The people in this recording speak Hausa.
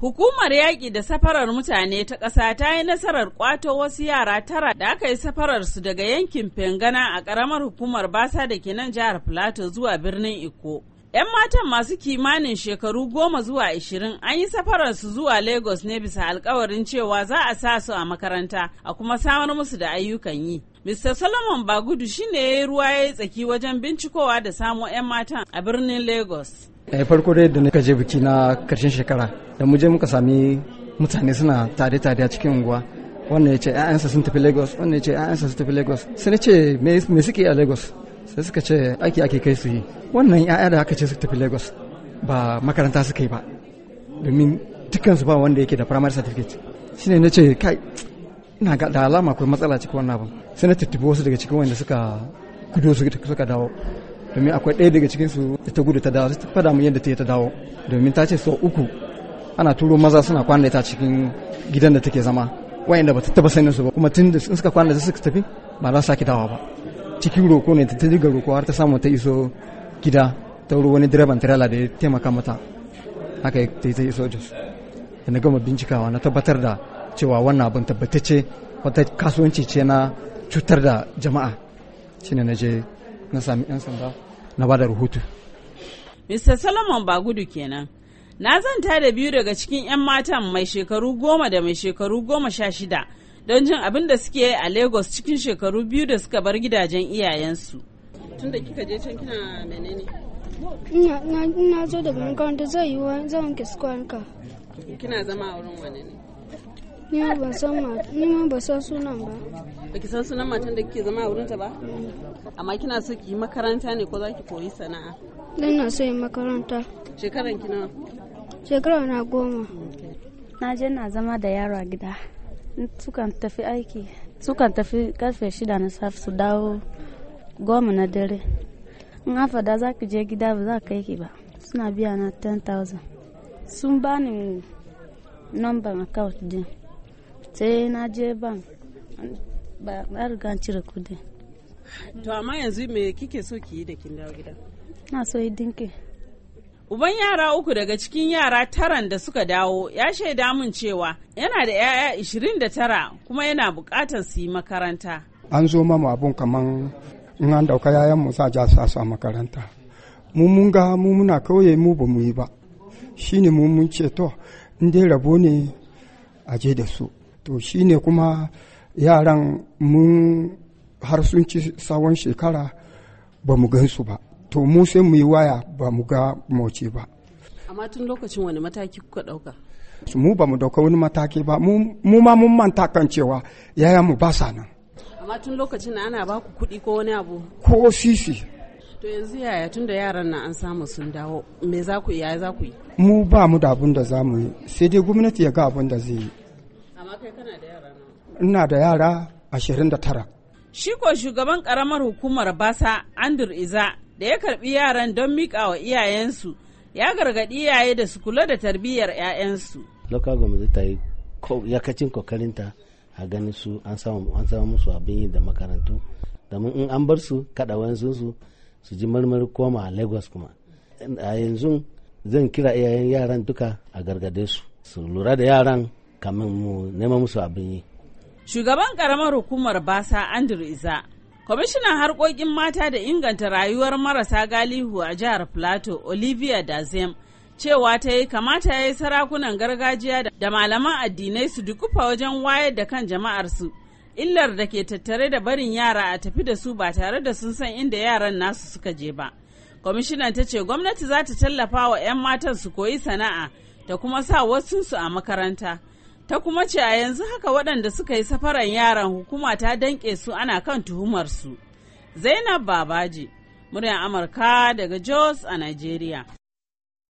Hukumar yaƙi da safarar mutane ta ƙasa ta yi nasarar ƙwato wasu yara tara da aka yi safarar su daga yankin Fengana a ƙaramar hukumar Basa da ke nan jihar Filato zuwa birnin Iko. 'Yan matan masu kimanin shekaru goma zuwa ashirin an yi safarar su zuwa Lagos ne bisa alkawarin cewa za a sa su a makaranta a kuma samar musu da ayyukan yi. Mr. Solomon Bagudu shine ya yi ruwa ya yi tsaki wajen bincikowa da samo 'yan matan a birnin Lagos. farko dai da na je biki na karshen shekara da mu je muka sami mutane suna tare-tare a cikin unguwa wannan ya ce ayansa sun tafi lagos wannan ya ce ayansa sun tafi lagos sai na ce me suke a lagos sai suka ce aiki ake kai su yi wannan ‘ya'ya da aka ce su tafi lagos ba makaranta suka yi ba domin dukansu ba wanda yake da primary certificate shine na ce kai ina ga da alama akwai matsala cikin wannan abin sai na tattubi wasu daga cikin wanda suka gudu suka dawo domin akwai ɗaya daga cikin su ita gudu ta dawo ta fada mu yadda ta ta dawo domin ta ce so uku ana turo maza suna kwana ta cikin gidan da take zama wayanda ba ta taba sanin su ba kuma tun da suka kwana da suka tafi ba za su sake dawo ba cikin roko ne ta diga roko har ta samu ta iso gida ta wuri wani direban tirala da ya taimaka mata haka ta yi ta iso jos da na gama bincikawa na tabbatar da cewa wannan abin tabbatacce wata kasuwanci ce na cutar da jama'a shine na je na sami 'yan sanda na bada rahoto. Mr. Solomon Bagudu kenan. Na zanta da biyu daga cikin 'yan matan mai shekaru goma da mai shekaru goma sha shida don jin abin da suke yi a Lagos cikin shekaru biyu da suka bar gidajen iyayensu. Tun da kika je can kina menene? Ina zo daga makaranta zai yi wa zan wanke squanka. Kina zama a wurin wane ne? ni ma ban san ni ma san sunan ba ki san sunan matan da kike zama a wurinta ba amma kina so ki yi makaranta ne ko za ki koyi sana'a ina so yi makaranta shekaran ki nawa shekara na goma na je na zama da yaro a gida sukan tafi aiki sukan tafi karfe shida na safe su dawo goma na dare in hafa da za ki je gida ba za ka yi ba suna biya na 10,000 sun bani number account din sai na je ban ba na riga cire kudi to amma yanzu me kike so ki yi da kin dawo gida na so yi dinki Uban yara uku daga cikin yara taran da suka dawo ya shaida mun cewa yana da 'ya'ya 29 kuma yana bukatar su yi makaranta. An zo mamu abun kaman in an dauka yayan mu za ja su a makaranta. Mu mun ga mu muna kauye mu ba mu yi ba. Shine mu mun ce to in dai rabo ne a je da su. to shi ne kuma yaran mun har sun ci sawon shekara ba mu gansu ba to mu sai mu yi waya ba mu ga mace ba amma tun lokacin wani mataki kuka dauka mu ba mu dauka wani mataki ba mu ma mun manta kan cewa yaya mu ba sa nan amma tun lokacin ana ba ku kuɗi ko wani abu ko sisi to yanzu yaya tun da yaran na an samu sun dawo me za ku yaya za ku yi mu ba mu da abin da za mu yi sai dai gwamnati ya ga abin da zai yi amma da ina da yara ashirin da tara shi ko shugaban karamar hukumar basa andrew iza da ya karbi yaran don miƙa wa iyayensu ya gargaɗi iyaye da su kula da tarbiyyar 'ya'yansu local government ta yi yakacin kokarinta a ganin su an samu musu abin yi da makarantu domin in an bar su kaɗa wayansu su su ji marmari koma lagos kuma a yanzu zan kira iyayen yaran duka a gargade su su lura da yaran kamar mu nema musu abin yi shugaban karamar hukumar basa andrew iza kwamishinan harkokin mata da inganta rayuwar marasa galihu a jihar plateau olivia dazem cewa ta yi kamata ya yi sarakunan gargajiya da malaman addinai su dukufa wajen wayar da kan jama'ar su illar da ke tattare da barin yara a tafi da su ba tare da sun san inda yaran nasu suka je ba kwamishinan ta ce gwamnati za ta tallafa wa 'yan matan su koyi sana'a da kuma sa wasunsu a makaranta ta kuma ce a yanzu haka waɗanda suka yi safaran yaran hukuma ta danƙe su ana kan tuhumarsu. Zainab Babaji, muryar Amurka daga Jos a Najeriya.